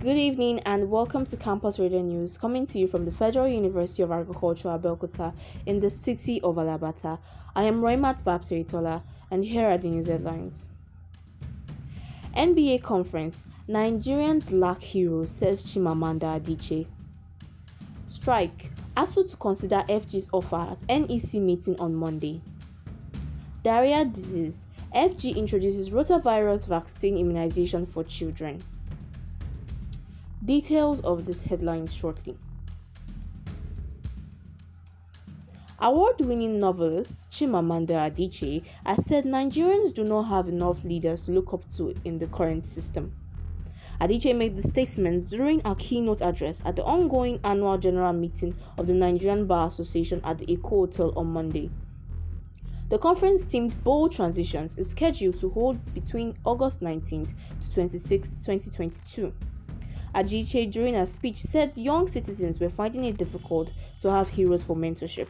Good evening and welcome to Campus Radio News, coming to you from the Federal University of Agriculture, Abeokuta, in the city of Alabata. I am Roymat Babsoitola, and here are the news headlines. NBA Conference Nigerians lack heroes, says Chimamanda Adiche. Strike ASU to consider FG's offer at NEC meeting on Monday. Diarrhea disease FG introduces rotavirus vaccine immunization for children. Details of this headline shortly. Award winning novelist Chimamanda Adichie has said Nigerians do not have enough leaders to look up to in the current system. Adichie made the statement during a keynote address at the ongoing annual general meeting of the Nigerian Bar Association at the Eco Hotel on Monday. The conference themed Bold Transitions is scheduled to hold between August 19th to 26, 2022. Ajiche, during her speech, said young citizens were finding it difficult to have heroes for mentorship.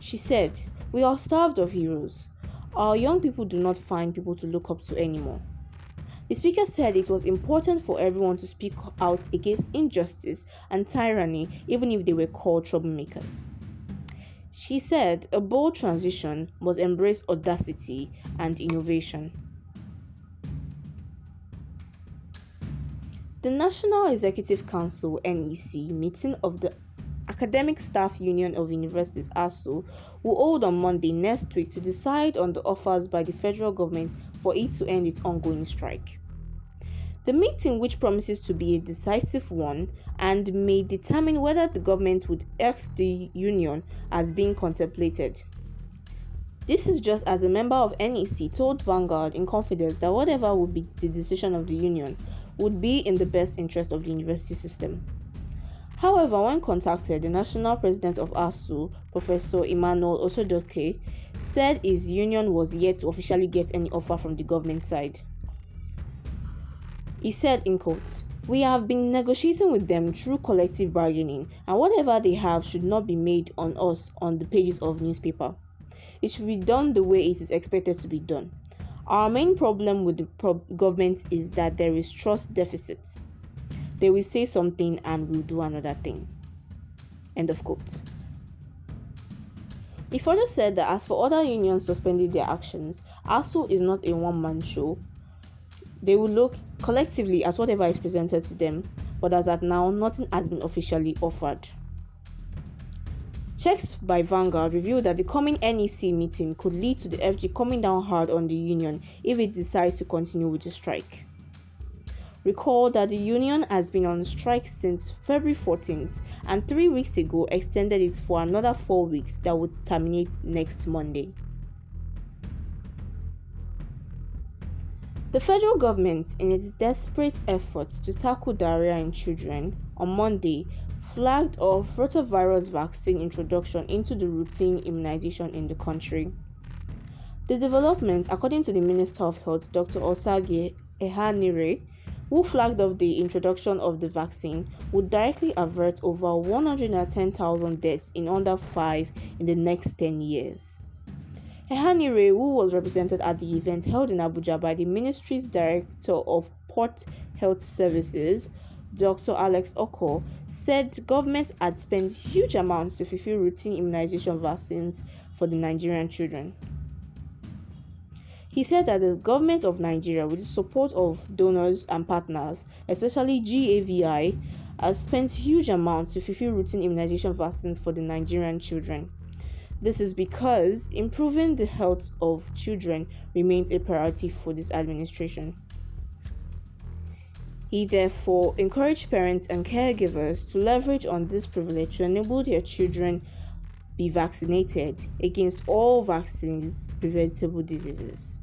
She said, We are starved of heroes. Our young people do not find people to look up to anymore. The speaker said it was important for everyone to speak out against injustice and tyranny, even if they were called troublemakers. She said a bold transition must embrace audacity and innovation. The National Executive Council (NEC) meeting of the Academic Staff Union of Universities ASU will hold on Monday next week to decide on the offers by the federal government for it to end its ongoing strike. The meeting, which promises to be a decisive one and may determine whether the government would ex the union, as being contemplated. This is just as a member of NEC told Vanguard in confidence that whatever would be the decision of the union, would be in the best interest of the university system. However, when contacted, the national president of ASU, Professor Emmanuel Osodoke, said his union was yet to officially get any offer from the government side. He said, in quotes, We have been negotiating with them through collective bargaining, and whatever they have should not be made on us on the pages of newspaper. It should be done the way it is expected to be done. Our main problem with the pro- government is that there is trust deficit. They will say something and will do another thing. End of quote. He further said that as for other unions suspending their actions, ASU is not a one man show. They will look collectively at whatever is presented to them, but as at now, nothing has been officially offered. Checks by Vanguard revealed that the coming NEC meeting could lead to the FG coming down hard on the union if it decides to continue with the strike. Recall that the union has been on strike since February 14th and three weeks ago extended it for another four weeks that would terminate next Monday. The federal government, in its desperate efforts to tackle diarrhea in children, on Monday flagged off rotavirus vaccine introduction into the routine immunization in the country. The development, according to the Minister of Health, Dr. Osage Ehanire, who flagged off the introduction of the vaccine, would directly avert over 110,000 deaths in under five in the next 10 years. Ehanire, who was represented at the event held in Abuja by the ministry's Director of Port Health Services, Dr. Alex Oko, said government had spent huge amounts to fulfill routine immunization vaccines for the Nigerian children. He said that the government of Nigeria, with the support of donors and partners, especially GAVI, has spent huge amounts to fulfill routine immunization vaccines for the Nigerian children. This is because improving the health of children remains a priority for this administration. He therefore encouraged parents and caregivers to leverage on this privilege to enable their children be vaccinated against all vaccines preventable diseases.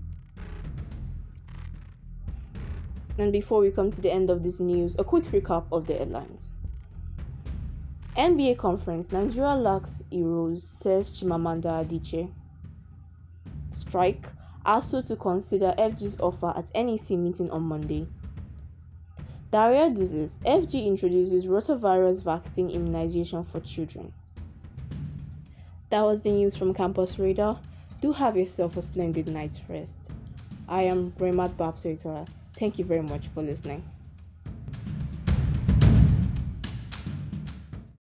And before we come to the end of this news, a quick recap of the headlines. NBA conference Nigeria lacks heroes, says Chimamanda Adichie. Strike ASU to consider FG's offer at NEC meeting on Monday. Diarrhea disease FG introduces rotavirus vaccine immunization for children. That was the news from Campus Radar. Do have yourself a splendid night's rest. I am Remat Babsoitola. Thank you very much for listening.